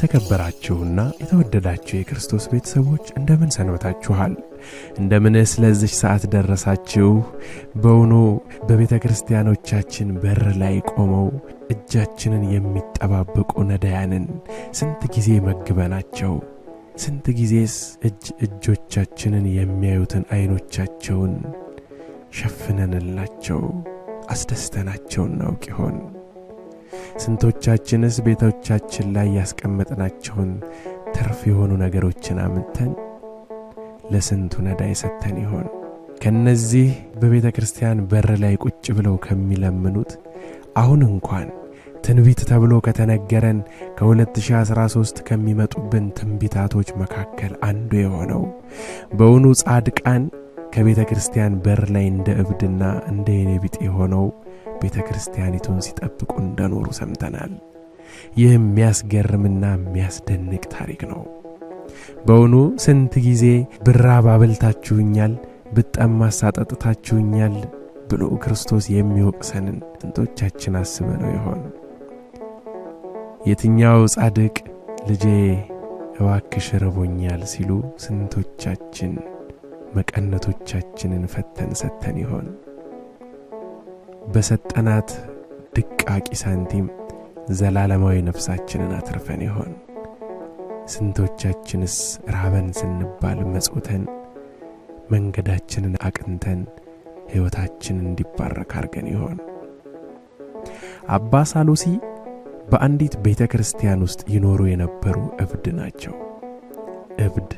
የተከበራችሁና የተወደዳችሁ የክርስቶስ ቤተሰቦች እንደምን ሰንበታችኋል? እንደምን ስለዚህ ሰዓት ደረሳችሁ? በውኑ በቤተ ክርስቲያኖቻችን በር ላይ ቆመው እጃችንን የሚጠባበቁ ነዳያንን ስንት ጊዜ መግበናቸው፣ ስንት ጊዜስ እጅ እጆቻችንን የሚያዩትን አይኖቻቸውን ሸፍነንላቸው አስደስተናቸውን ናውቅ ይሆን? ስንቶቻችንስ ቤቶቻችን ላይ ያስቀመጥናቸውን ትርፍ የሆኑ ነገሮችን አምተን ለስንቱ ነዳይ የሰተን ይሆን? ከነዚህ በቤተ ክርስቲያን በር ላይ ቁጭ ብለው ከሚለምኑት አሁን እንኳን ትንቢት ተብሎ ከተነገረን ከ2013 ከሚመጡብን ትንቢታቶች መካከል አንዱ የሆነው በውኑ ጻድቃን ከቤተ ክርስቲያን በር ላይ እንደ እብድና እንደ የኔ ሆነው ቤተ ክርስቲያኒቱን ሲጠብቁ እንደኖሩ ሰምተናል። ይህም የሚያስገርምና የሚያስደንቅ ታሪክ ነው። በውኑ ስንት ጊዜ ብራብ አበልታችሁኛል፣ ብጠማስ አጠጥታችሁኛል ብሎ ክርስቶስ የሚወቅሰንን ስንቶቻችን አስበነው ይሆን? የትኛው ጻድቅ ልጄ እባክሽ ርቦኛል ሲሉ ስንቶቻችን መቀነቶቻችንን ፈተን ሰተን ይሆን? በሰጠናት ድቃቂ ሳንቲም ዘላለማዊ ነፍሳችንን አትርፈን ይሆን? ስንቶቻችንስ ራበን ስንባል መጽውተን መንገዳችንን አቅንተን ሕይወታችን እንዲባረክ አድርገን ይሆን? አባ ሳሉሲ በአንዲት ቤተ ክርስቲያን ውስጥ ይኖሩ የነበሩ እብድ ናቸው። እብድ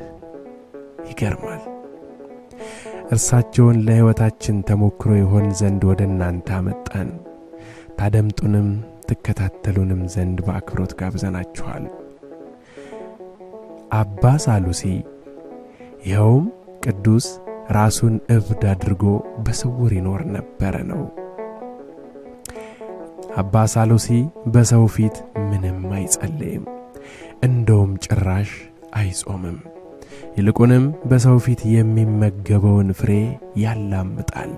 ይገርማል። እርሳቸውን ለሕይወታችን ተሞክሮ ይሆን ዘንድ ወደ እናንተ አመጣን። ታደምጡንም ትከታተሉንም ዘንድ በአክብሮት ጋብዘናችኋል። አባ ሳሉሲ ይኸውም ቅዱስ ራሱን እብድ አድርጎ በስውር ይኖር ነበረ ነው። አባ ሳሉሲ በሰው ፊት ምንም አይጸልይም፣ እንደውም ጭራሽ አይጾምም። ይልቁንም በሰው ፊት የሚመገበውን ፍሬ ያላምጣል።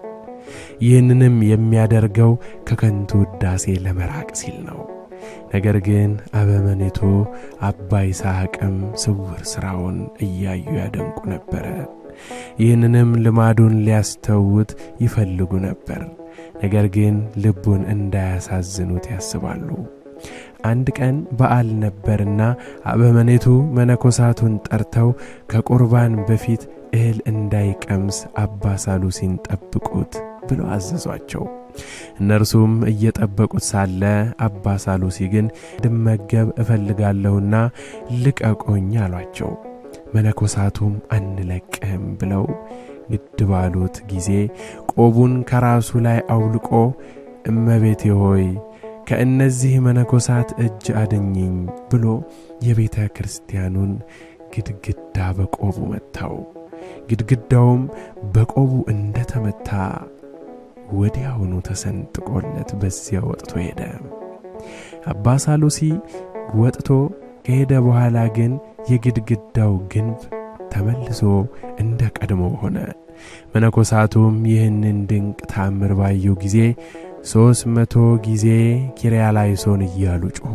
ይህንንም የሚያደርገው ከከንቱ ውዳሴ ለመራቅ ሲል ነው። ነገር ግን አበመኔቶ አባ ይስሐቅም ስውር ሥራውን እያዩ ያደንቁ ነበረ። ይህንንም ልማዱን ሊያስተውት ይፈልጉ ነበር። ነገር ግን ልቡን እንዳያሳዝኑት ያስባሉ። አንድ ቀን በዓል ነበርና አበመኔቱ መነኮሳቱን ጠርተው ከቁርባን በፊት እህል እንዳይቀምስ አባ ሳሉሲን ጠብቁት ብለው አዘዟቸው። እነርሱም እየጠበቁት ሳለ አባ ሳሉሲ ግን ድመገብ እፈልጋለሁና ልቀቁኝ አሏቸው። መነኮሳቱም አንለቅህም ብለው ግድ ባሉት ጊዜ ቆቡን ከራሱ ላይ አውልቆ እመቤቴ ሆይ ከእነዚህ መነኮሳት እጅ አድኝኝ ብሎ የቤተ ክርስቲያኑን ግድግዳ በቆቡ መታው። ግድግዳውም በቆቡ እንደ ተመታ ወዲያውኑ ተሰንጥቆለት በዚያ ወጥቶ ሄደ። አባ ሳሉሲ ወጥቶ ከሄደ በኋላ ግን የግድግዳው ግንብ ተመልሶ እንደ ቀድሞ ሆነ። መነኮሳቱም ይህንን ድንቅ ታምር ባየው ጊዜ ሦስት መቶ ጊዜ ኪርያላይሶን እያሉ ጮኹ።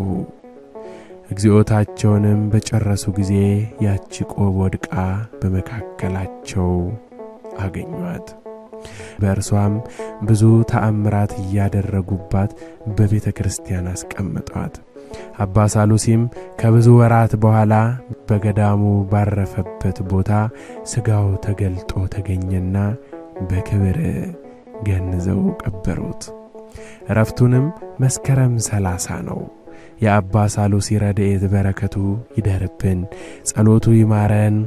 እግዚኦታቸውንም በጨረሱ ጊዜ ያቺ ቆብ ወድቃ በመካከላቸው አገኟት። በእርሷም ብዙ ተአምራት እያደረጉባት በቤተ ክርስቲያን አስቀምጧት። አባ ሳሉሲም ከብዙ ወራት በኋላ በገዳሙ ባረፈበት ቦታ ሥጋው ተገልጦ ተገኘና በክብር ገንዘው ቀበሩት። ረፍቱንም መስከረም ሰላሳ ነው። የአባ ሳሉሲ ረድኤት በረከቱ ይደርብን፣ ጸሎቱ ይማረን።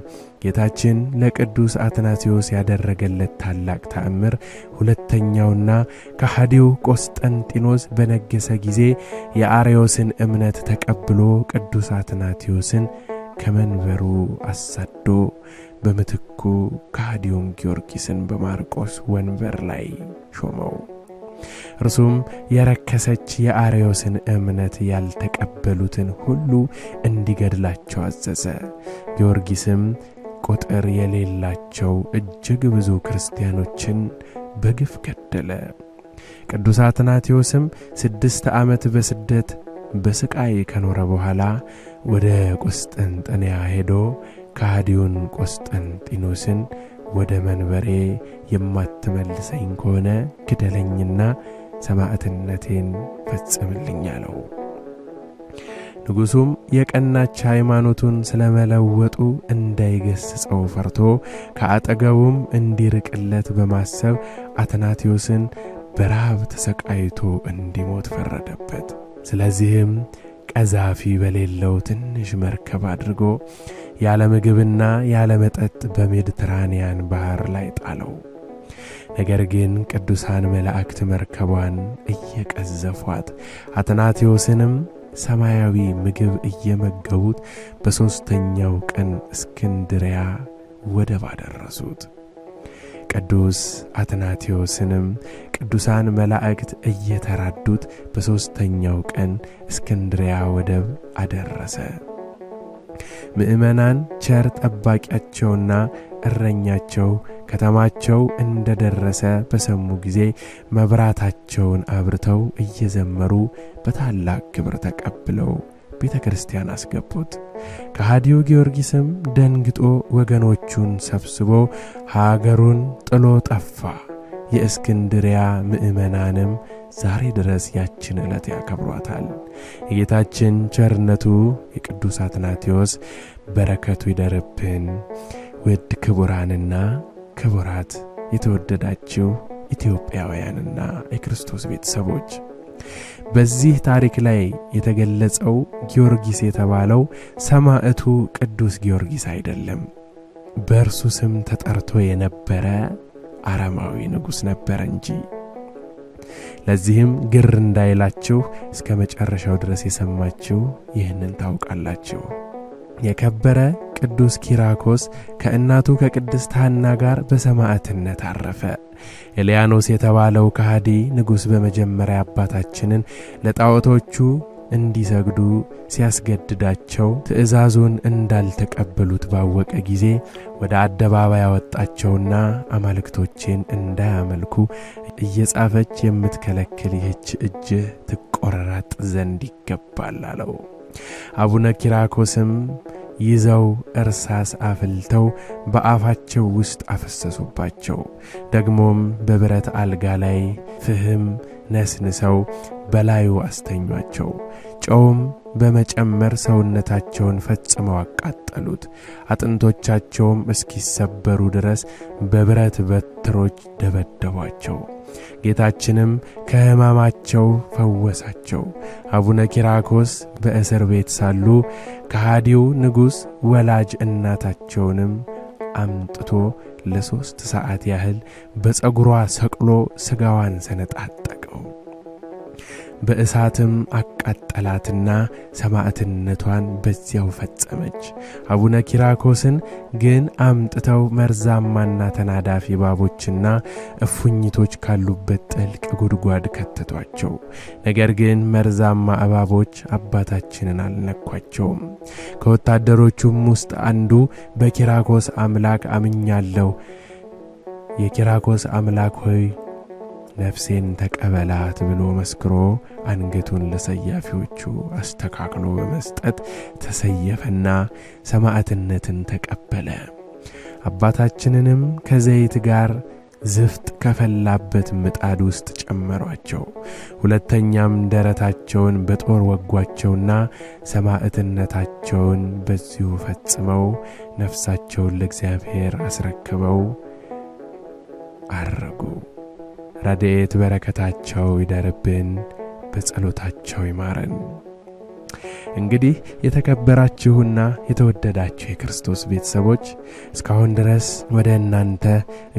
ጌታችን ለቅዱስ አትናቴዎስ ያደረገለት ታላቅ ተአምር ሁለተኛውና ከሐዲው ቆስጠንጢኖስ በነገሰ ጊዜ የአርዮስን እምነት ተቀብሎ ቅዱስ አትናቴዎስን ከመንበሩ አሳዶ በምትኩ ከሐዲውን ጊዮርጊስን በማርቆስ ወንበር ላይ ሾመው። እርሱም የረከሰች የአርዮስን እምነት ያልተቀበሉትን ሁሉ እንዲገድላቸው አዘዘ። ጊዮርጊስም ቁጥር የሌላቸው እጅግ ብዙ ክርስቲያኖችን በግፍ ገደለ። ቅዱስ አትናቴዎስም ስድስት ዓመት በስደት በሥቃይ ከኖረ በኋላ ወደ ቁስጥንጥንያ ሄዶ ከሃዲውን ቆስጠንጢኖስን ወደ መንበሬ የማትመልሰኝ ከሆነ ግደለኝና ሰማዕትነቴን ፈጽምልኝ አለው። ንጉሡም የቀናች ሃይማኖቱን ስለመለወጡ እንዳይገሥጸው ፈርቶ ከአጠገቡም እንዲርቅለት በማሰብ አትናቴዎስን በረሃብ ተሰቃይቶ እንዲሞት ፈረደበት። ስለዚህም ቀዛፊ በሌለው ትንሽ መርከብ አድርጎ ያለ ምግብና ያለ መጠጥ በሜዲትራንያን ባሕር ላይ ጣለው። ነገር ግን ቅዱሳን መላእክት መርከቧን እየቀዘፏት አትናቴዎስንም ሰማያዊ ምግብ እየመገቡት በሦስተኛው ቀን እስክንድሪያ ወደብ አደረሱት። ቅዱስ አትናቴዎስንም ቅዱሳን መላእክት እየተራዱት በሦስተኛው ቀን እስክንድሪያ ወደብ አደረሰ። ምእመናን ቸር ጠባቂያቸውና እረኛቸው ከተማቸው እንደ ደረሰ በሰሙ ጊዜ መብራታቸውን አብርተው እየዘመሩ በታላቅ ክብር ተቀብለው ቤተ ክርስቲያን አስገቡት። ከሃዲዮ ጊዮርጊስም ደንግጦ ወገኖቹን ሰብስቦ ሀገሩን ጥሎ ጠፋ። የእስክንድሪያ ምዕመናንም ዛሬ ድረስ ያችን ዕለት ያከብሯታል። የጌታችን ቸርነቱ የቅዱስ አትናቴዎስ በረከቱ ይደርብን። ውድ ክቡራንና ክቡራት የተወደዳችሁ ኢትዮጵያውያንና የክርስቶስ ቤተሰቦች በዚህ ታሪክ ላይ የተገለጸው ጊዮርጊስ የተባለው ሰማዕቱ ቅዱስ ጊዮርጊስ አይደለም። በእርሱ ስም ተጠርቶ የነበረ አረማዊ ንጉሥ ነበረ እንጂ ለዚህም ግር እንዳይላችሁ እስከ መጨረሻው ድረስ የሰማችሁ ይህንን ታውቃላችሁ። የከበረ ቅዱስ ኪራኮስ ከእናቱ ከቅድስት ሐና ጋር በሰማዕትነት አረፈ። ኤልያኖስ የተባለው ከሃዲ ንጉሥ በመጀመሪያ አባታችንን ለጣዖቶቹ እንዲሰግዱ ሲያስገድዳቸው ትእዛዙን እንዳልተቀበሉት ባወቀ ጊዜ ወደ አደባባይ ያወጣቸውና አማልክቶቼን እንዳያመልኩ እየጻፈች የምትከለክል ይህች እጅ ትቆረራጥ ዘንድ ይገባል አለው። አቡነ ኪራኮስም ይዘው እርሳስ አፍልተው በአፋቸው ውስጥ አፈሰሱባቸው። ደግሞም በብረት አልጋ ላይ ፍህም ነስንሰው በላዩ አስተኟቸው። ጨውም በመጨመር ሰውነታቸውን ፈጽመው አቃጠሉት። አጥንቶቻቸውም እስኪሰበሩ ድረስ በብረት በትሮች ደበደቧቸው። ጌታችንም ከሕማማቸው ፈወሳቸው። አቡነ ኪራኮስ በእስር ቤት ሳሉ ከሃዲው ንጉሥ ወላጅ እናታቸውንም አምጥቶ ለሦስት ሰዓት ያህል በፀጉሯ ሰቅሎ ሥጋዋን ሰነጣት በእሳትም አቃጠላትና ሰማዕትነቷን በዚያው ፈጸመች። አቡነ ኪራኮስን ግን አምጥተው መርዛማና ተናዳፊ እባቦችና እፉኝቶች ካሉበት ጥልቅ ጉድጓድ ከተቷቸው። ነገር ግን መርዛማ እባቦች አባታችንን አልነኳቸውም። ከወታደሮቹም ውስጥ አንዱ በኪራኮስ አምላክ አምኛለሁ፣ የኪራኮስ አምላክ ሆይ ነፍሴን ተቀበላት ብሎ መስክሮ አንገቱን ለሰያፊዎቹ አስተካክሎ በመስጠት ተሰየፈና ሰማዕትነትን ተቀበለ። አባታችንንም ከዘይት ጋር ዝፍጥ ከፈላበት ምጣድ ውስጥ ጨመሯቸው። ሁለተኛም ደረታቸውን በጦር ወጓቸውና ሰማዕትነታቸውን በዚሁ ፈጽመው ነፍሳቸውን ለእግዚአብሔር አስረክበው አረጉ። ረድኤት በረከታቸው ይደርብን፣ በጸሎታቸው ይማረን። እንግዲህ የተከበራችሁና የተወደዳችሁ የክርስቶስ ቤተሰቦች እስካሁን ድረስ ወደ እናንተ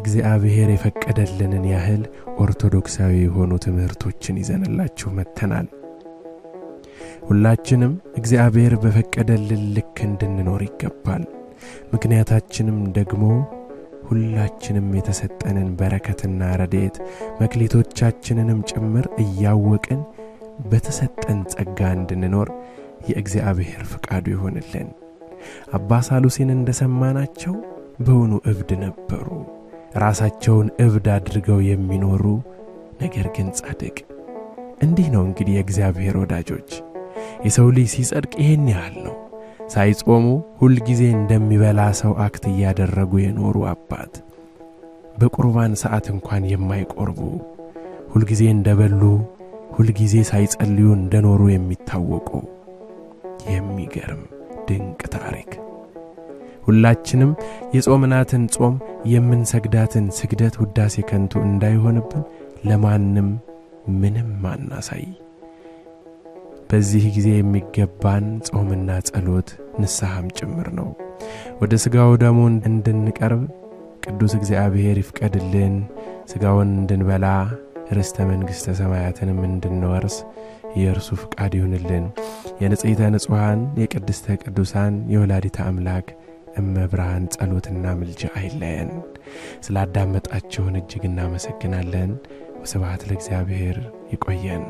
እግዚአብሔር የፈቀደልንን ያህል ኦርቶዶክሳዊ የሆኑ ትምህርቶችን ይዘንላችሁ መተናል። ሁላችንም እግዚአብሔር በፈቀደልን ልክ እንድንኖር ይገባል። ምክንያታችንም ደግሞ ሁላችንም የተሰጠንን በረከትና ረድኤት መክሊቶቻችንንም ጭምር እያወቅን በተሰጠን ጸጋ እንድንኖር የእግዚአብሔር ፍቃዱ ይሆንልን። አባ እንደ እንደሰማናቸው በውኑ እብድ ነበሩ። ራሳቸውን እብድ አድርገው የሚኖሩ ነገር ግን ጻድቅ። እንዲህ ነው እንግዲህ የእግዚአብሔር ወዳጆች፣ የሰው ልጅ ሲጸድቅ ይህን ያህል ነው። ሳይጾሙ ሁልጊዜ እንደሚበላ ሰው አክት እያደረጉ የኖሩ አባት፣ በቁርባን ሰዓት እንኳን የማይቆርቡ ሁልጊዜ እንደበሉ ሁልጊዜ ሳይጸልዩ እንደኖሩ የሚታወቁ የሚገርም ድንቅ ታሪክ። ሁላችንም የጾምናትን ጾም የምንሰግዳትን ስግደት ውዳሴ ከንቱ እንዳይሆንብን ለማንም ምንም አናሳይ። በዚህ ጊዜ የሚገባን ጾምና ጸሎት ንስሐም ጭምር ነው። ወደ ሥጋው ደሙ እንድንቀርብ ቅዱስ እግዚአብሔር ይፍቀድልን። ሥጋውን እንድንበላ ርስተ መንግሥተ ሰማያትንም እንድንወርስ የእርሱ ፍቃድ ይሁንልን። የንጽሕተ ንጹሐን የቅድስተ ቅዱሳን የወላዲተ አምላክ እመብርሃን ጸሎትና ምልጃ አይለየን። ስላዳመጣችሁን እጅግ እናመሰግናለን። ወስብሐት ለእግዚአብሔር። ይቆየን።